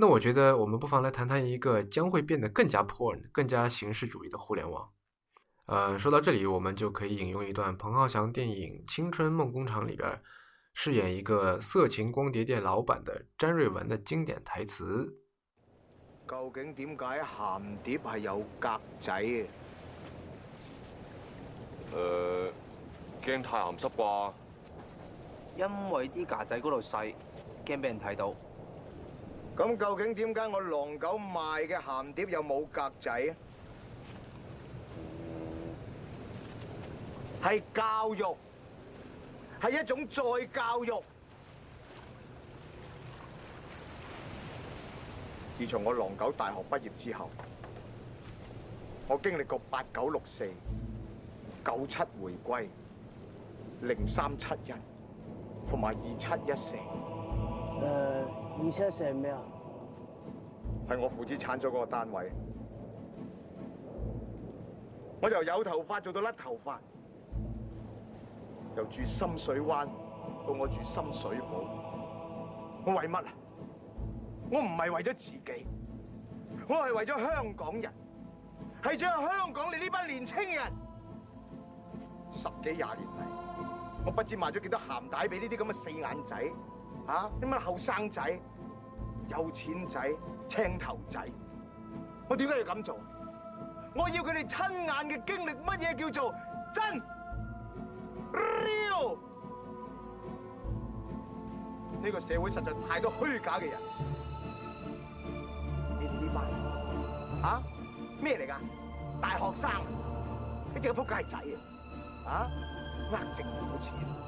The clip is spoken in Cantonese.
那我覺得，我們不妨來談談一個將會變得更加 porn、更加形式主義的互聯網。呃，說到這裏，我們就可以引用一段彭浩翔電影《青春夢工廠》裏邊飾演一個色情光碟店老闆的詹瑞文的經典台詞：“究竟點解咸碟係有格仔嘅？呃，驚太咸濕啩？因為啲格仔嗰度細，驚俾人睇到。”咁究竟點解我狼狗賣嘅鹹碟又冇格仔啊？係教育，係一種再教育。自從我狼狗大學畢業之後，我經歷過八九六四、九七回歸、零三七一，同埋二七一四。誒。而且成咩啊？係我父子鏟咗嗰個單位，我由有頭髮做到甩頭髮，由住深水灣到我住深水埗我什麼，我為乜啊？我唔係為咗自己，我係為咗香港人，係為香港你呢班年青人。十幾廿年嚟，我不知賣咗幾多鹹帶俾呢啲咁嘅四眼仔。嚇！啲乜後生仔、有錢仔、青頭仔，我點解要咁做？我要佢哋親眼嘅經歷乜嘢叫做真？呢個社會實在太多虛假嘅人。你哋呢班人，嚇咩嚟㗎？大學生，你隻仆街仔啊？嚇，呃政府錢。